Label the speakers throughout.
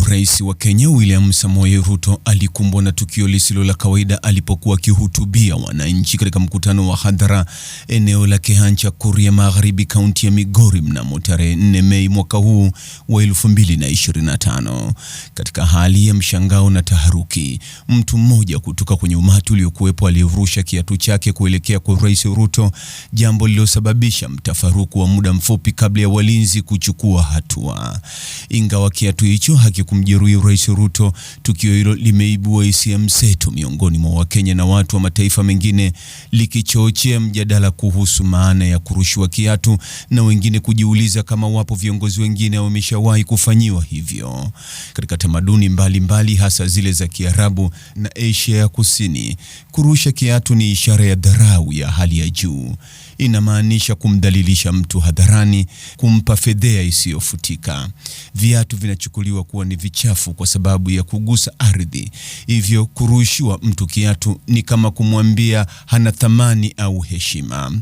Speaker 1: Rais wa Kenya William Samoei Ruto alikumbwa na tukio lisilo la kawaida alipokuwa akihutubia wananchi katika mkutano wa hadhara eneo la Kehancha, Kuria Magharibi, kaunti ya Migori mnamo tarehe 4 Mei mwaka huu wa 2025. Katika hali ya mshangao na taharuki, mtu mmoja kutoka kwenye umati uliokuwepo aliyevurusha kiatu chake kuelekea kwa Rais Ruto, jambo lililosababisha mtafaruku wa muda mfupi kabla ya walinzi kuchukua hatua. Ingawa kiatu hicho haki kumjeruhi Rais Ruto. Tukio hilo limeibua hisia mseto miongoni mwa Wakenya na watu wa mataifa mengine, likichochea mjadala kuhusu maana ya kurushiwa kiatu na wengine kujiuliza kama wapo viongozi wengine wameshawahi kufanyiwa hivyo. Katika tamaduni mbalimbali, hasa zile za Kiarabu na Asia ya Kusini, kurusha kiatu ni ishara ya dharau ya hali ya juu inamaanisha kumdhalilisha mtu hadharani, kumpa fedhea isiyofutika. Viatu vinachukuliwa kuwa ni vichafu kwa sababu ya kugusa ardhi, hivyo kurushiwa mtu kiatu ni kama kumwambia hana thamani au heshima.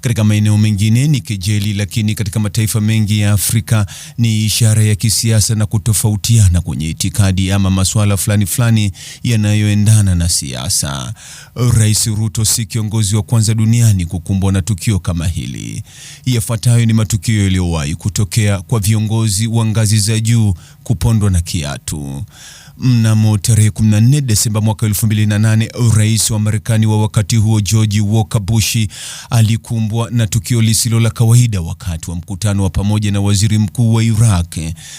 Speaker 1: Katika maeneo mengine ni kejeli, lakini katika mataifa mengi ya Afrika ni ishara ya kisiasa na kutofautiana kwenye itikadi ama masuala fulani fulani yanayoendana na siasa. Rais Ruto si kiongozi wa kwanza duniani kukumbwa na tukio kama hili. Yafuatayo ni matukio yaliyowahi kutokea kwa viongozi wa ngazi za juu kupondwa na kiatu. Mnamo tarehe 14 Desemba mwaka 2008, rais wa Marekani wa wakati huo George Walker Bush alikumbwa na tukio lisilo la kawaida wakati wa mkutano wa pamoja na waziri mkuu wa Iraq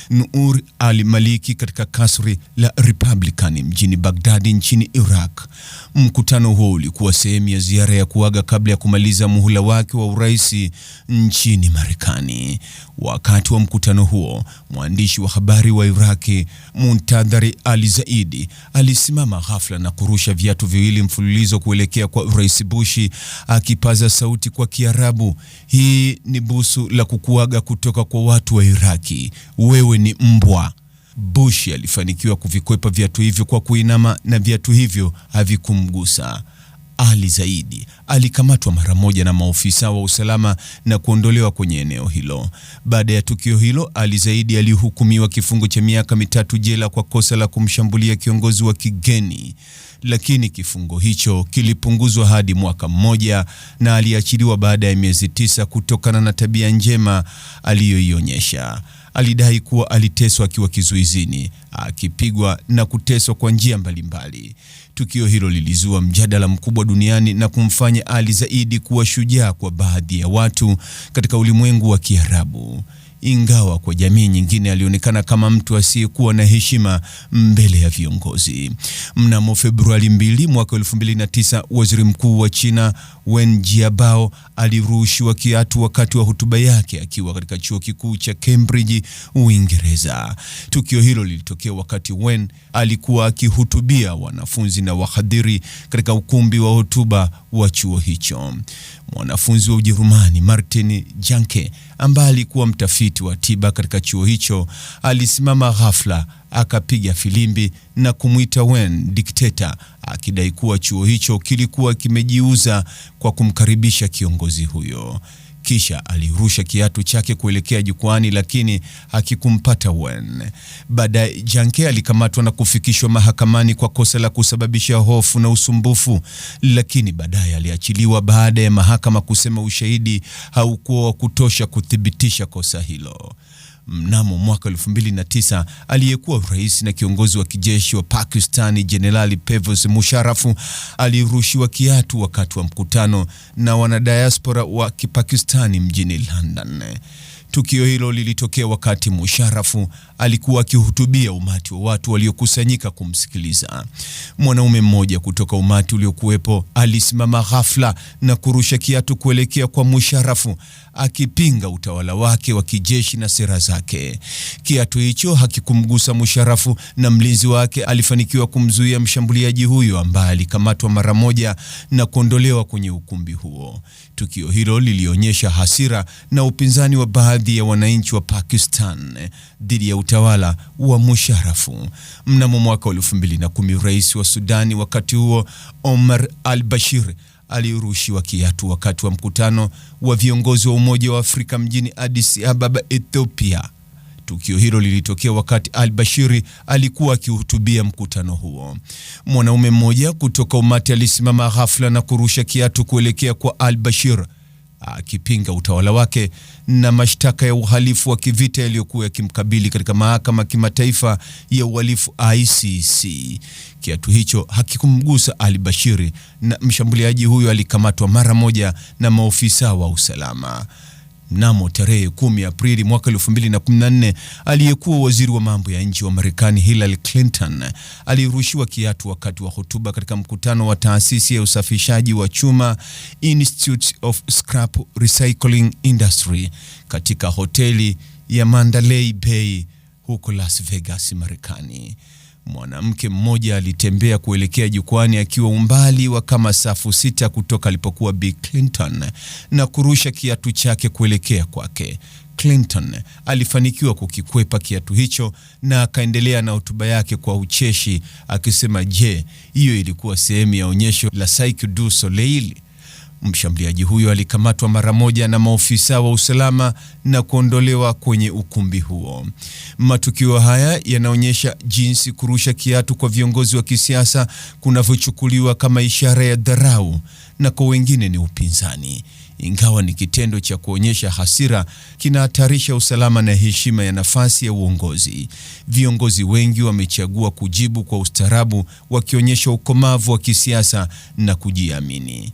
Speaker 1: Nur al-Maliki katika kasri la Republican mjini Baghdad nchini Iraq. Mkutano huo ulikuwa sehemu ya ziara ya kuaga kabla ya kumaliza muhula wake wa urais nchini Marekani. Wakati wa mkutano huo, mwandishi wa habari wa Iraki Muntadhari Ali Zaidi alisimama ghafla na kurusha viatu viwili mfululizo kuelekea kwa Rais Bushi akipaza sauti kwa Kiarabu, hii ni busu la kukuaga kutoka kwa watu wa Iraki, wewe ni mbwa. Bushi alifanikiwa kuvikwepa viatu hivyo kwa kuinama na viatu hivyo havikumgusa. Ali Zaidi alikamatwa mara moja na maofisa wa usalama na kuondolewa kwenye eneo hilo. Baada ya tukio hilo, Ali Zaidi alihukumiwa kifungo cha miaka mitatu jela kwa kosa la kumshambulia kiongozi wa kigeni, lakini kifungo hicho kilipunguzwa hadi mwaka mmoja na aliachiliwa baada ya miezi tisa kutokana na tabia njema aliyoionyesha alidai kuwa aliteswa akiwa kizuizini, akipigwa na kuteswa kwa njia mbalimbali. Tukio hilo lilizua mjadala mkubwa duniani na kumfanya Ali Zaidi kuwa shujaa kwa baadhi ya watu katika ulimwengu wa Kiarabu, ingawa kwa jamii nyingine alionekana kama mtu asiyekuwa na heshima mbele ya viongozi. Mnamo Februari 2 mwaka 2009, Waziri Mkuu wa China Wen Jiabao alirushiwa kiatu wakati wa hotuba yake akiwa katika chuo kikuu cha Cambridge, Uingereza. Tukio hilo lilitokea wakati Wen alikuwa akihutubia wanafunzi na wahadhiri katika ukumbi wa hotuba wa chuo hicho. Mwanafunzi wa Ujerumani Martin Janke ambaye alikuwa mtafiti wa tiba katika chuo hicho alisimama ghafla, akapiga filimbi na kumwita Wen dikteta akidai kuwa chuo hicho kilikuwa kimejiuza kwa kumkaribisha kiongozi huyo. Kisha alirusha kiatu chake kuelekea jukwani, lakini hakikumpata Wen. Baadaye Janke alikamatwa na kufikishwa mahakamani kwa kosa la kusababisha hofu na usumbufu, lakini baadaye aliachiliwa baada ya mahakama kusema ushahidi haukuwa wa kutosha kuthibitisha kosa hilo mnamo mwaka 2009 aliyekuwa rais na kiongozi wa kijeshi wa Pakistani Jenerali Pervez Musharraf alirushiwa kiatu wakati wa mkutano na wanadiaspora wa Kipakistani mjini London. Tukio hilo lilitokea wakati Musharafu alikuwa akihutubia umati wa watu waliokusanyika kumsikiliza. Mwanaume mmoja kutoka umati uliokuwepo alisimama ghafla na kurusha kiatu kuelekea kwa Musharafu, akipinga utawala wake wa kijeshi na sera zake. Kiatu hicho hakikumgusa Musharafu na mlinzi wake alifanikiwa kumzuia mshambuliaji huyo ambaye alikamatwa mara moja na kuondolewa kwenye ukumbi huo. Tukio hilo lilionyesha hasira na upinzani wa baadhi baadhi ya wananchi wa Pakistan dhidi ya utawala wa Musharrafu. Mnamo mwaka 2010, rais wa Sudani wakati huo Omar al-Bashir alirushiwa kiatu wakati wa mkutano wa viongozi wa Umoja wa Afrika mjini Addis Ababa, Ethiopia. Tukio hilo lilitokea wakati al-Bashiri alikuwa akihutubia mkutano huo. Mwanaume mmoja kutoka umati alisimama ghafla na kurusha kiatu kuelekea kwa al-Bashir akipinga utawala wake na mashtaka ya uhalifu wa kivita yaliyokuwa yakimkabili katika mahakama kimataifa ya uhalifu ICC. Kiatu hicho hakikumgusa Ali Bashiri na mshambuliaji huyo alikamatwa mara moja na maofisa wa usalama. Mnamo tarehe 10 Aprili mwaka 2014, aliyekuwa waziri wa mambo ya nje wa Marekani Hillary Clinton alirushiwa kiatu wakati wa hotuba katika mkutano wa taasisi ya usafishaji wa chuma Institute of Scrap Recycling Industry katika hoteli ya Mandalay Bay huko Las Vegas, Marekani. Mwanamke mmoja alitembea kuelekea jukwani akiwa umbali wa kama safu sita kutoka alipokuwa Bi Clinton na kurusha kiatu chake kuelekea kwake. Clinton alifanikiwa kukikwepa kiatu hicho na akaendelea na hotuba yake kwa ucheshi akisema, je, hiyo ilikuwa sehemu ya onyesho la Cirque du Soleil? Mshambuliaji huyo alikamatwa mara moja na maofisa wa usalama na kuondolewa kwenye ukumbi huo. Matukio haya yanaonyesha jinsi kurusha kiatu kwa viongozi wa kisiasa kunavyochukuliwa kama ishara ya dharau na kwa wengine ni upinzani. Ingawa ni kitendo cha kuonyesha hasira, kinahatarisha usalama na heshima ya nafasi ya uongozi. Viongozi wengi wamechagua kujibu kwa ustaarabu, wakionyesha ukomavu wa kisiasa na kujiamini.